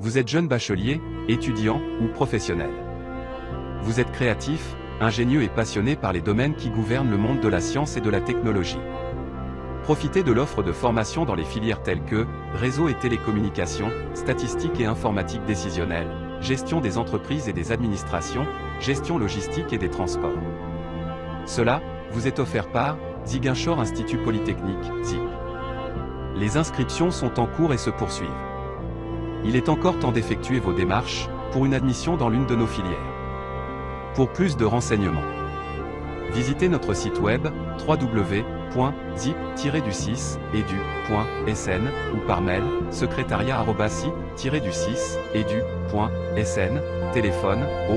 Vous êtes jeune bachelier, étudiant ou professionnel. Vous êtes créatif, ingénieux et passionné par les domaines qui gouvernent le monde de la science et de la technologie. Profitez de l'offre de formation dans les filières telles que réseau et télécommunications, statistiques et informatique décisionnelle, gestion des entreprises et des administrations, gestion logistique et des transports. Cela vous est offert par Ziguinchor Institut Polytechnique, ZIP. Les inscriptions sont en cours et se poursuivent. Il est encore temps d'effectuer vos démarches pour une admission dans l'une de nos filières. Pour plus de renseignements, visitez notre site web www.zip-du6edu.sn ou par mail secrétariat-du6edu.sn, téléphone au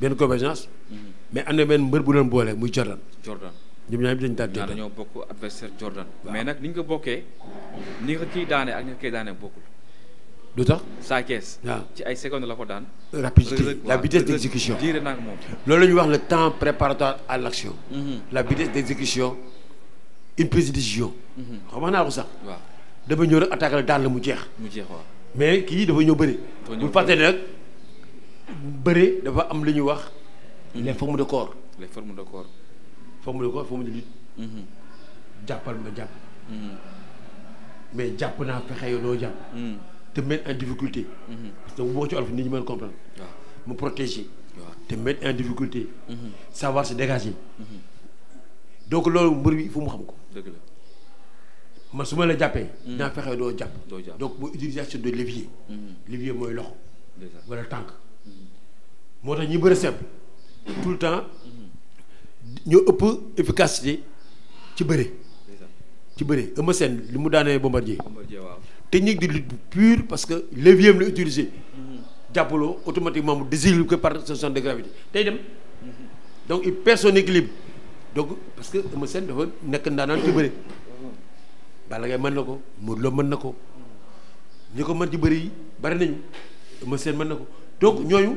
benn convergence. Mhm. mais am ben mbeur mbër bu leen boole muy Jordan. Jordan ñoom ñaar dañu daan Jordan ñoo bokk adversaire Jordan. mais nak ni ñu ko bokkee ni nga ci daané ak ni nga koy daane bokkul. lu tax sa caisse ci ay secondes la ko daan. rapidité la vitesse d'exécution exécution diire naa ko moom. loolu la wax le temps préparatoire à l'action mhm. la vitesse d'exécution une prise de décision. Mhm. xam naa ko sax. dafa ñëw rek attaquer la daan mu jeex. mu jeex waaw mais ki dafa ñëw bëri. dafa ñëw bëri bu fàtte nag bëre dafa am lu ñuy wax. Mhm. les formes de corps. les formes de corps. Formes de corps formes de lutte. Mhm. jàppal ma jàpp. Mhm. mais jàpp naa fexe yow doo jàpp. te mettre en difficulté. parce que boo ci olof nit ñi mën comprendre. mu protéger. te mettre en difficulté. savoir se dégager. donc loolu mbër bi fu mu xam ko. dëgg la man su ma la jàppee. naa fexe doo jàpp. donc mooy utilisation de levier. levier mooy loxo. wala tànk moo tax ñi bëri tout le temps ñoo ëpp efficacité ci bëri. ci bëri Eumeu Sène li mu daanee bombardier. waaw technique de lutte pure parce que les vieux la utilisé. Mhm. jàppaloo automatiquement mu par son centre de gravité day dem. Mhm. donc il perd son équilibre donc parce que Eumeu Sène dafa nekk ndaanaan ci bëri. Mhm. Balla Gaye mën na ko Modou Lo mën na mën ci bari nañu Eumeu Sène mën donc ñooñu.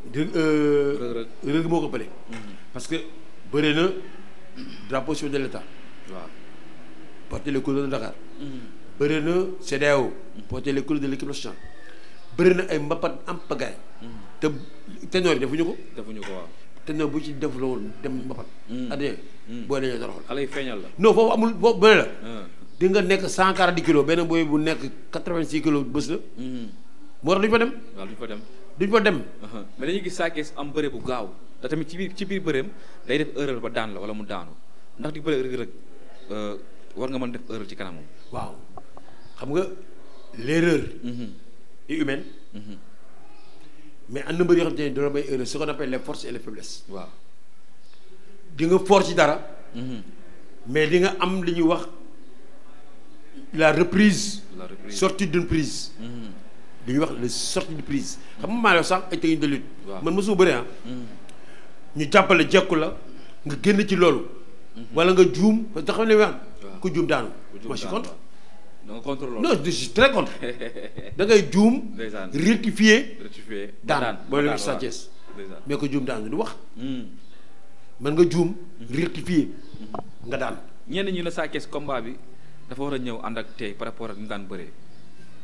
Euh, Reug Reug moo ko bële. Mhm. parce que bëre na drapeau chef de l'état. waaw porté les couleurs de Dakar. Mhm. bëre na CEDEAO. porté les couleurs de l'équipe nationale. bëre na ay mbapat am pagaay. Mhm. te ténor yi defuñu ñu ko waaw. ténor bu ci def la woon dem mbapat. adhéré booy na doroxal. alay feeñal la. non foofu amul foofu bëre la. Ah. di nga nekk cent quarante kilos benn booy bu nekk quatre vingt six kilos bés la. moo tax duñ dem. waaw duñ fa dem. duñ fa dem mais dañuy gis saa kees am bërëb bu gaaw te tamit ci biir ci biir bërëb day def heure ba daan la wala mu daanu ndax di bëri rëg war nga mën def heure ci kanamam waaw xam nga l' erreur est humaine mais am na mbër yoo xam te ne dana bay heure ce qu' appelle les forces et les faiblesses waaw di nga force dara mais di nga am li ñuy wax la reprise la reprise sortie d'une prise li wax les sorties de prise xam nga maa la sax ay technique de man mosuma bëri ah. Hmm. ñu jàppale jekku la nga génn ci loolu. Hmm. wala nga juum te xam ne wax ku contre. donc contre loolu très contre da ngay juum. rectifier rectifier daan booy la Sa Thiès mais ko juum daanu du wax. mën hmm. nga juum rectifier nga daan. ñenn ñu ne Sa Thiès bi dafa war a ñëw ànd ak tey par rapport ak ñu daan bëree.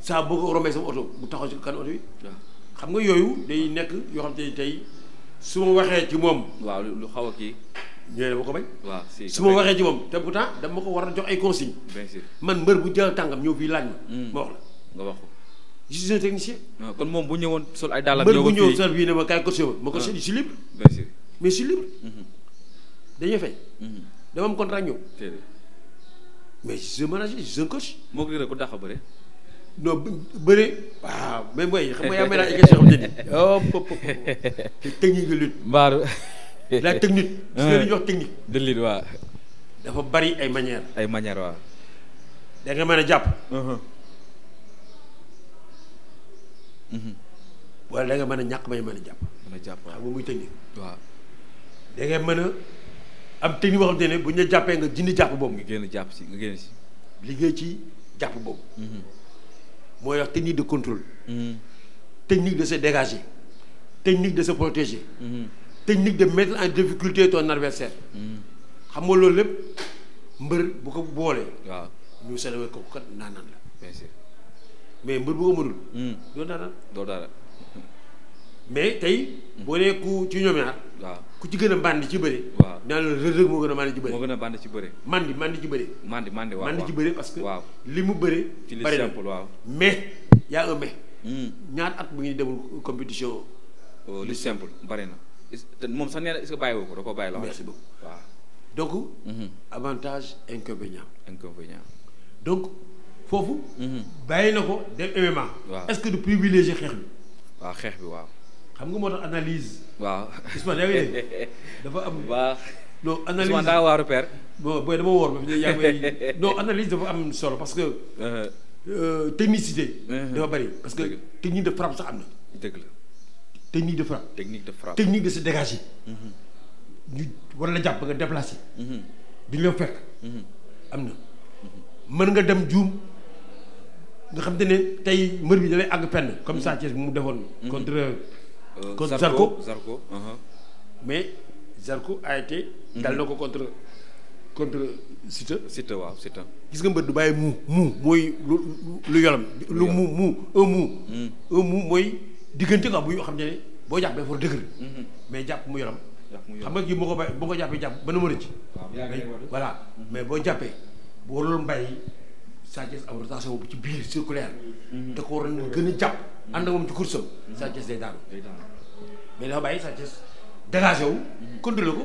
saa boo ko rombee sama oto bu taxaw ci kan oto yi. Ah. xam nga yooyu day nekk yoo xam te ni tey su ma waxee ci moom. waaw lu xaw a kii. ñëwee ma ko bañ. waaw si su ma waxee ci moom te pourtant dama ko war a jox ay consignes. bien sûr man mbër bu jël tàngam ñëw fii laaj ma. Hmm. nga wax ko. je suis ah, moom bu ñëwoon sol ay dàllam. ñëwoon fii mbër bii ne ma kaay coche ma. ma ah. coche je suis libre. bien sûr mais je suis libre. Hmm. dañuy fay. Hmm. dama am contrat ñëw. moo ko gën a ko dàq a bëre. non bëri waaw mais mooy xam nga yaa may laaj ay question xam ne nii oh pop pop technique de lutte. mbaaru la technique. parce que li ñuy wax technique. de lutte waaw. dafa bari ay manière ay manière waaw. da nga mën a jàpp. Uh-huh. Mm-hmm. Mm-hmm. wala da nga mën a ñàkk may mën a jàpp. mën a jàpp waaw xam nga muy technique. waaw da nga mën a am technique boo xam te ne bu ñu la jàppee nga jindi jàpp boobu. nga génn jàpp si nga génn si. liggéey ci jàpp boobu. Mm-hmm. moi, la technique de contrôle. Mm-hmm. technique de se dégager. technique de se protéger. Mm-hmm. technique de mettre en difficulté ton adversaire. Mm-hmm. xam nga loolu lépp mbër bu ko boolee. waaw ñu soriwul ko kat naanaan la. bien sûr mais tu bu ko mënul. Mm. doo naanaan doo dara. mais tey. Mm. boo nee ku ci ñoom le faire. ci gën a màndi ci bëre. waaw naan la Reug Reug moo gën a màndi ci bëre. moo gën a màndi ci bëre. màndi màndi ci bëre. waaw màndi ci waaw li mu bëre. ci li waaw mais y a un mais. Hmm. ñaar at mu ngi demul compétition. Oh, li simple bari na te moom sax nee na est-ce que bàyyiwoo ko da koo bàyyi la. merci beaucoup waaw donc. Hmm. foofu. Hmm. bàyyi na ko dem MMA. waaw est-ce que du privilégié xeex bi. waaw xeex bi waaw. xam nga moo tax analyse. waaw Ousmane yaa ngi dafa am. waaw non analyse Ousmane daa waaru père. bon booy dama woor ba dafa am solo parce que. Uh-huh. Euh, technicité. Uh-huh. dafa bari parce que technique de frappe sax am na. dëgg la technique de frappe. technique de frappe technique de se dégager. Uh-huh. ñu war la jàpp nga déplacer. du ñu fekk. am na mën nga dem juum nga xam ne tey mbër bi da lay àgg comme Sa Thiès bi mu defoon. contre. kon Zarko Zarko mais Zarko a été. Mm-hmm. dal na ko contre contre waaw gis nga mbët du bàyyi mu mu mooy lu lu lu mu mu un mu. Mm. un mu mooy diggante nga bu yoo xam ne boo jàppee foofu dëgër. Mm-hmm. mais jàpp mu yolam. xam nga kii boo ko bàyyi boo ko jàppee jàpp ba na mën a ci. voilà mm-hmm. mais boo jàppee boo loolu mbàyyi Sa Thiès am rotation ci biir circulaire. da ko waroon gën a jàpp. ànd ak moom ci kursam. Sa Thiès day daanu. mais dafa bàyyi bah, Sa Thiès dégagé wu. contrôlé ko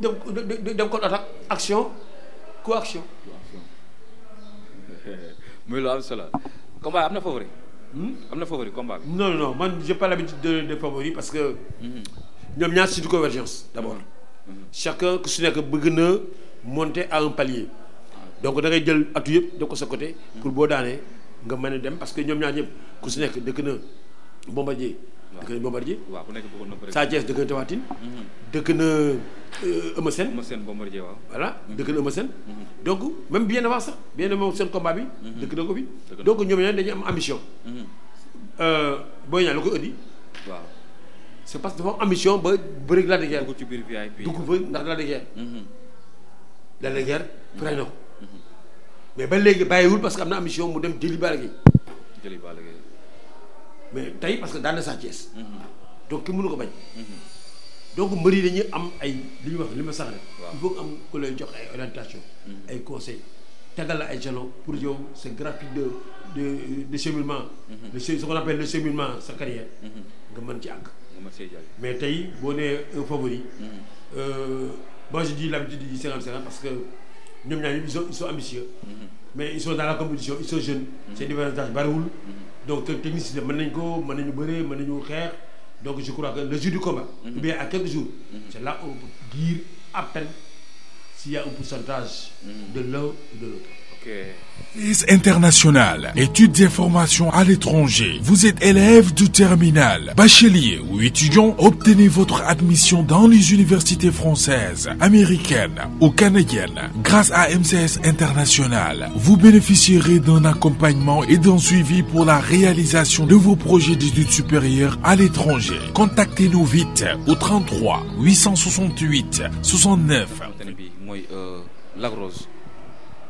dem dem contre attaque action coaction. muy lu am solo combat am na favori. Hmm? am na favori combat bi. non non man j'ai pas l'habitude de de favori parce que. Hmm. ñoom ñaar du convergence d'abord. Hmm. chacun ku su nekk bëgg na monter à un palier. donc da ngay jël atu yëpp def ko sa côté. pour boo daanee nga mën a dem parce que ñoom ñaar ñëpp ku su nekk dëkk na Bombardier. dëkk na Bombardier. waaw ku nekk bëggoon na bëri. Sa Thiès dëkk na Tapha Tine. Mhm. dëkk na euh, Eumeu Sène. Eumeu Sène Bombardier waaw. voilà mhm. dëkk na Eumeu Sène. Mhm. donc même bien avant sax bien avant seen combat bi. dëkk na ko fi. donc ñoom ñooñu dañuy am ambition. booy ñaan la ko indi. waaw c'est parce que dafa am ba bëri Lac de Guiers. ci biir VIP. dugg fa ndax Lac de Guiers. Lac de ba léegi bàyyiwul parce que am na dem jëli mais tey parce que dal na Sa Thiès mm-hmm. donc ki mënu ko bañ mm-hmm. donc mbër yi dañuy am ay li ñuy wax li ma sax rek il am ku lay jox ay orientation mm-hmm. ay conseil tegal la ay jalon pour yow sa graphique de de de cheminement le ce qu'on appelle le cheminement sa carrière nga mën ci àgg mais tey boo nee un favori euh, moi je dis l'habitude di cinquante cinquante parce que ils sont ambitieux. Mhm. mais ils sont dans la compétition ils sont jeunes. C'est des d'âge bariwul. Mhm. donc les techniciens, nañ ko Manenko, Kher. donc je crois que le jour du combat. Mhm. bien à quelques jours. c'est là là on peut dire à peine s'il y a un pourcentage. de l'un ou de l'autre MCS International, études et formations à l'étranger. Vous êtes élève du terminal, bachelier ou étudiant, obtenez votre admission dans les universités françaises, américaines ou canadiennes. Grâce à MCS International, vous bénéficierez d'un accompagnement et d'un suivi pour la réalisation de vos projets d'études supérieures à l'étranger. Contactez-nous vite au 33 868 69.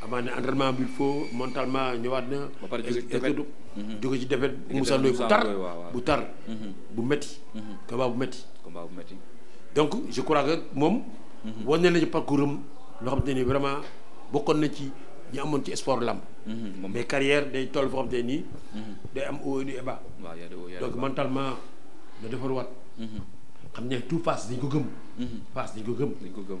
amaat na entraînement bi il faut mentalement ñëwaat na. ba pare jóge ci defet mhm. jóge ci bu tar mhm. bu tar. bu métti. Mhm. combat bu métti. combat bu métti. donc je crois que moom. wane nañu parcours am loo xam te ni vraiment bokkoon na ci ñi amoon ci sport lamb. mais carrière day toll foo xam te nii. day am haut et bas. donc mentalement na defarwaat. xam ne tout face dañ ko gëm. face dañ ko gëm. dañ ko gëm.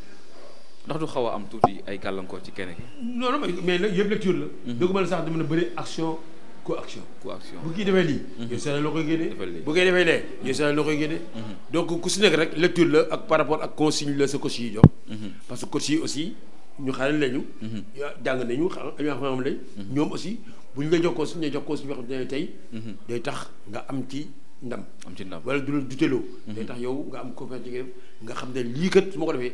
ndax du xaw a am tuuti ay gàllankoor ci keneen ki. non non mais nag yëpp lecture la. Mhm. dëgg mën sax dama na bëri action co action co action bu kii defee lii. Mhm. yow sa la koy génnee. bu kii defee lee yow sa la koy génnee. Mhm. donc ku si nekk rek lecture la ak par rapport ak consigne la sa coach yi jox. parce que coach yi aussi ñu xaaral lañu. jàng nañu xam ñoo xam lañ. ñoom aussi bu la jox consigne ñu jox consigne yoo xam ne tey. day tax nga am ci. ndam am ci ndam wala du la day tax yow nga am confiance nga xam ne lii kat su ma ko defee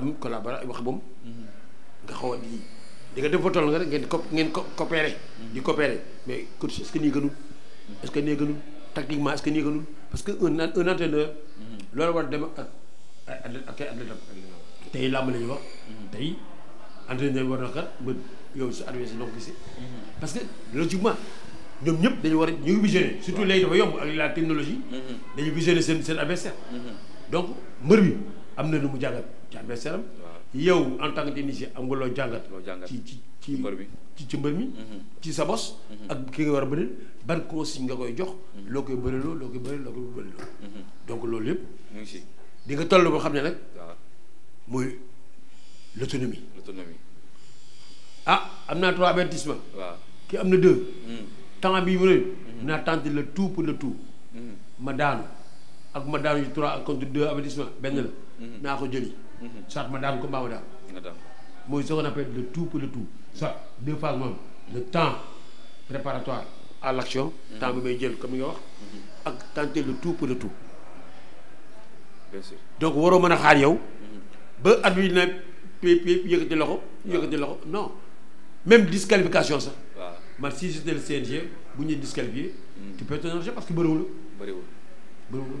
am collaboration wax boobu mm-hmm. nga xaw a di di nga def fa tool nga rek ngeen co ngeen co coopéré. Mm-hmm. di coopéré mais coach est-ce que nii gënul. Mm-hmm. est-ce que nii gënul tactiquement est-ce que nii gënul parce que un un entraîneur. loolu la ñuy wax. tey entraîneur war ba yow sa adversaire noo ko gisee. parce que logiquement ñoom ñëpp dañu war a ñu visionné surtout léegi dafa yomb ak la technologie. dañu visionné seen seen adversaire. donc mbër bi am na nu mu jàngal. ci adversaire yow en tant que technicien am nga loo jàngat ci ci ci ci ci mbër mi ci mm-hmm. sa bos mm-hmm. ak ki nga war a bëril ban consigne nga koy jox mm-hmm. loo koy bëriloo loo koy bëril donc loolu yëpp di nga toll boo xam ne nag mooy l'autonomie l'autonomie ah amna naa trois avertissement waaw ki am na deux mm. temps bi mu ne naa tenter le tout pour le tout mm. ma daanu ak ma daanu ci trois contre deux avertissement benn la naa ko jëli Mhm. soit ma daan ko Moi, ma qu'on appelle le tout pour le tout Ça, deux phases moom le temps préparatoire à l'action mhm. temps bi may comme ni y wax mhm. ak tenter le tout pour le tout bien sûr donc waroo mën a xaar yow ba at bi ne pép pép yëkkati loxo yëkkati loxo non même disqualification ça. Mais si j'étais le CNG bu ñuy disqualifier tu peux te parce que bëriwul bëriwul bëriwul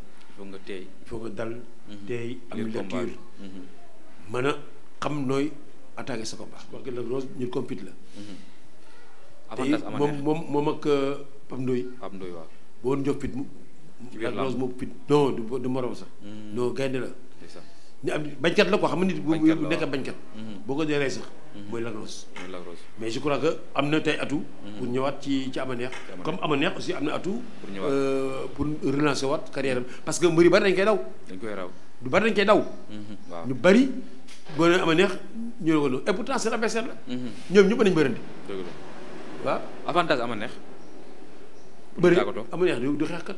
il faut nga teey il faut nga dal. teey am lecture mën a xam nooy attaqué sa combat parce que Lac Rose ñu compite la. Mhm. avantage moom moom moom ak euh, Pape Ndoye. Pape Ndoye waaw boo woon jox mu. Lac Rose mu fit non du du sax. Mhm. non gaynde la. ni am bañkat la ko xam nit bu nekk bañkat mhm. boo ko dee rey sax mooy Lac Rose mais je crois que am na tey atout mhm. pour ñëwaat ci ci ama neex comme ama neex aussi am na atout euh, pour relancer waat carrière am parce que mbëri bari dañ koy daw dañ koy raw du bari dañ koy daw mhm. ñu bari boo nee ama neex ñu ne ko noonu et pourtant seen adversaire la ñoom ñëpp nañ bërandi dëgg la waaw avantage ama neex bëri ama neex du xeexkat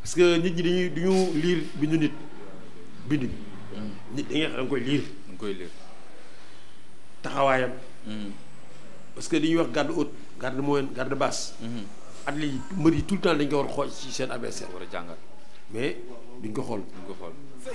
parce que nit ñi dañuy duñu lire biñu nit bind bi nit da ngay koy lire da koy lire taxawayam parce que diñu wax garde haute garde moyenne garde basse hmm at li mbeuri tout temps dañ ko war xoj ci seen abc wara jangal mais duñ ko xool duñ ko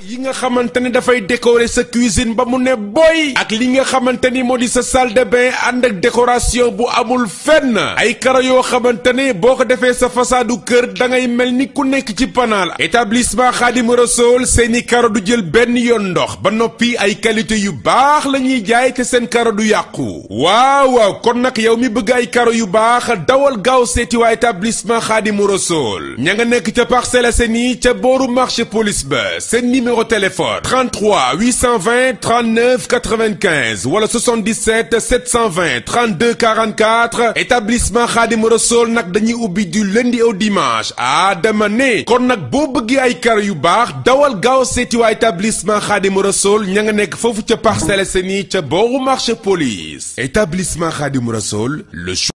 yi nga xamante ni dafay décorer sa cuisine ba mu ne boy ak li nga xamante ni moo di sa salle de ànd ak décoration bu amul fenn ay karo yoo xamante ni boo ko defee sa façadu kër da ngay mel ni ku nekk ci panaal établissement Khadim Rassoul seeni karo du jël benn yoon ndox ba noppi ay qualité yu baax la ñuy jaay te seen karo du yàqu waaw waaw kon nag yow mi bëgg ay karo yu baax dawal gaaw seeti waa établissement Khadim Rassoul ña nga nekk ca Parcelles Assainies ca marché police ba c'est numéro téléphone 33 820 39 95 alors 77 720 32 44 établissement Khadim Rassoul nag dani ubbi lundi au dimanche à demane ne kon nag boo bëggee ay dawal établissement Khadimou Rassoul ña nga nekk foofu ca parcelle marché police établissement Khadim Rassoul le